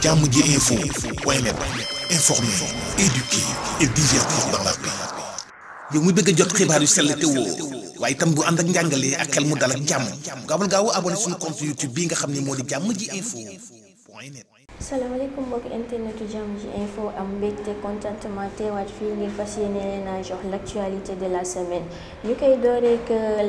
jàmm ji info waaye nag informer, éduquer et a jot xibaar yu sell te woo waaye itam bu ànd ak njàngalee ak xel mu dal ak jàmm gaawal gaaw abonné suñu compte YouTube bii nga xam ne moo di jàmm ji info. salaamaaleykum mbokk internetu jàmm ji info am ngir fas yéene a jox l'actualité de la semaine ñu koy dooree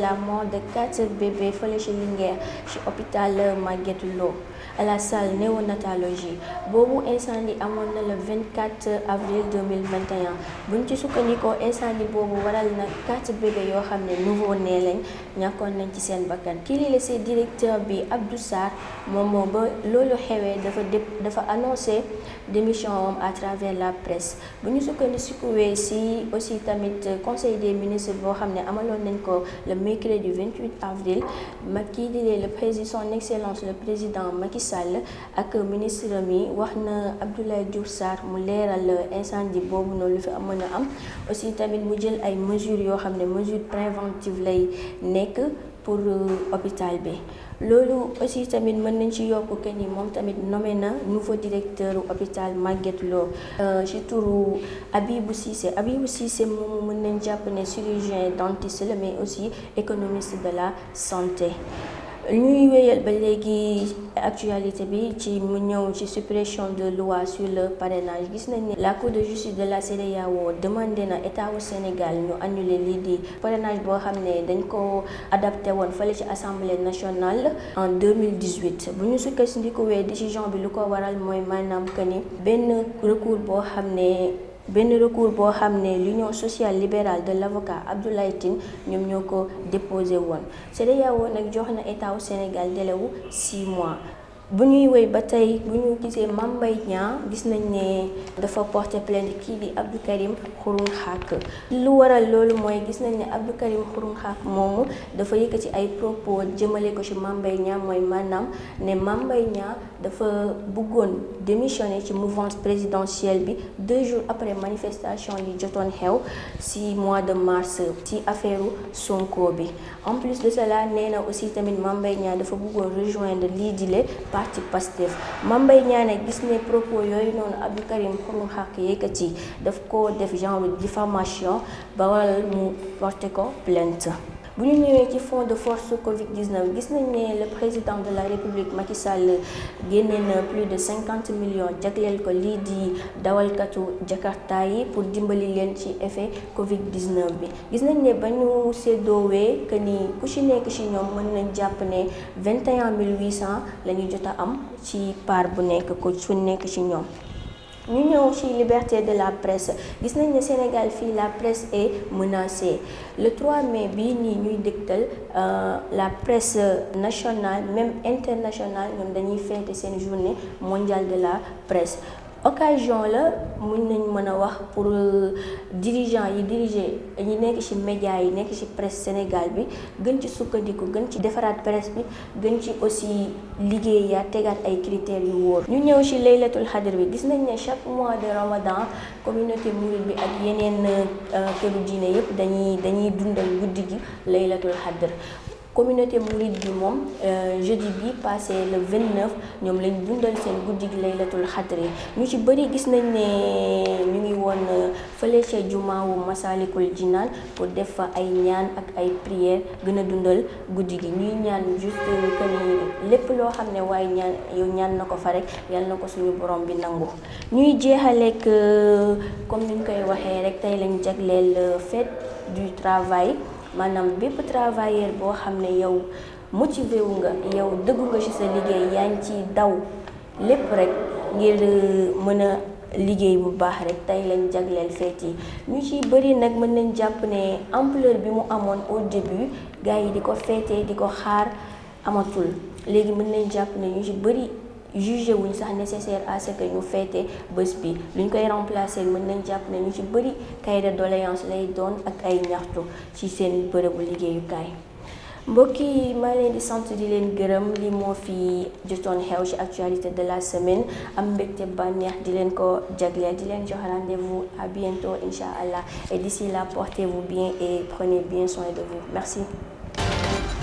la mort de quatre bébés fële ci Linguère ci hôpital Magatte Lô à la salle néonatologie boobu incendie amoon na le 24 avril 2021 buñ ci sukkandikoo incendie boobu waral na quatre bébés yoo xam ne nouveau-nés lañ ñàkkoon nañ ci seen bakkan kii lii si directeur bi Abdou Sarr moom moo ba loolu xewee dafa dép dafa annoncé démission am à travers la presse bu ñu sukkandikuwee si aussi tamit conseil des ministres boo xam ne amaloon nañ ko le mercredi 28 avril ma kii di le président son excellence le président Macky Sall ak ministre mi wax na Abdoulaye Diouf Sarr mu leeral incendie boobu noonu lu fi mën a am aussi tamit mu jël ay mesures yoo xam ne mesures préventives lay nekk. pour euh, hôpital bi loolu aussi tamit mën nañ ci yokk que ni moom tamit nommé na nouveau directeur hôpital Magatte Lô euh, ci turu abibu Cissé Abibou Cissé moom mën nañ jàpp ne chirurgien dentiste la mais aussi économiste de la santé ñuy wéyal ba léegi actualité bi ci mu ñëw ci suppression de loi sur le parrainage gis nañ ne la cour de justice de la CEDEAO demandé na état wu Sénégal ñu annulé lii di parrainage boo xam ne dañ ko adapté woon fële ci assemblée nationale en 2018 bu ñu sukkandikuwee décision bi lu ko waral mooy maanaam que ni benn recours boo xam ne. benn recours boo xam ne l'union sociale libérale de l' avocat Abdoulaye Tine ñoom ñoo ko déposé woon CEDEAO nag jox na état Sénégal délai wu mois. bu ñuy wéy ba tey bu ñu gisee Mame Mbaye Niang gis nañ ne dafa porter plainte kii di Abdou Karim Xrum Xax lu waral loolu mooy gis nañ ne Abdou Karim Xrum Xax moomu dafa yëkk ci ay propos jëmale ko ci Mame Mbaye mooy maanaam ne Mame Mbaye Niang dafa bëggoon démissionner ci mouvance présidentielle bi deux jours après manifestation yi jotoon xew ci mois de mars ci affaire Sonko bi en plus de cela nee na aussi tamit Mame Mbaye Niang dafa bëggoon rejoindre lii di parti Pastef Mame Mbaye Niang gis ne propos yooyu noonu Abdou Karim Xrum Xax yëkkati daf ko def genre diffamation ba waral mu porté ko plainte bu ñu ñëwee ci fond de force Covid 19 gis nañ ne le président de la république Macky Sall génnee na plus de cinquante millions jagleel ko lii di dawalkatu Jakarta yi pour dimbali leen ci effet Covid 19 bi gis nañ ne ba ñu séddoowee que ni ku ci nekk ci ñoom mën nañ jàpp ne vingt et mille huit cent la jot a am ci part bu nekk ko su nekk ci ñoom. ñu ñëw ci liberté de la presse gis nañ ne Sénégal fii la presse est menacée le trois mais bii nii ñuy dégtal euh, la presse nationale même internationale ñoom dañuy fêter seen journée mondiale de la presse occasion la mun nañ mën a wax pour euh, dirigeant yi diriger ñi nekk ci média yi nekk ci presse Sénégal bi gën ci sukkandiku gën ci defaraat press bi gën ci aussi liggéeyaat tegaat ay critères yu wóor. ñu ñëw ci laylatul xadr bi gis nañ ne chaque mois de Ramadan communauté mouride bi ak yeneen euh, këru diine yépp dañuy dañuy dundal guddi gi laylatul xadr communauté mouride bi moom euh, jeudi bi passé le 29 ñoom lañ dundal seen guddi gi laylatul xadri ñu ci bëri gis nañ ne ñu ngi woon euh, fële ca jumaa wu masalikul jinaan pour def fa ay ñaan ak ay prière gën a dundal guddi gi ñuy ñaan juste que lépp loo xam ne waaye ñaan yow ñaan na ko fa rek yal na ko suñu borom bi nangu ñuy jeexaleek euh, comme niñ koy waxee rek tey lañ jagleel fête du travail maanaam bépp travailleur boo xam ne yow motivé wu nga yow dëggu nga ci sa liggéey yaa ngi ci daw lépp rek ngir euh, mën a liggéey bu baax rek tey lañ jagleel feet yi ñu ci bëri nag mën nañ jàpp ne ampleur bi mu amoon au début gars yi di ko feetee di ko xaar amatul léegi mën nañ jàpp ne ñu ci bëri jugé wuñ sax nécessaire à ce que ñu feete bés bi lu luñ koy remplacer mën nañ jàpp ne ñu ci bëri cahier de doléance lay doon ak ay ñaxtu ci seen bërëbu liggéeyukaay. mbokk yi maa leen di sant di leen gërëm li moo fi jotoon xew ci actualité de la semaine am mbégte bànneex di leen ko jagleel di leen jox rendez-vous à bientôt incha allah et d'ici la portez-vous bien et prenez bien soin de vous merci.